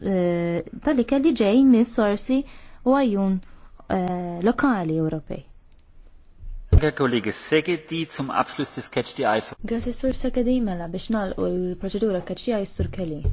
Eh, tal-ikel li ġej minn sorsi u għajjun eh, lokali Ewropej. Grazie Sur Sakadimela biex u l-proċedura kħedċi għaj Sur kelli.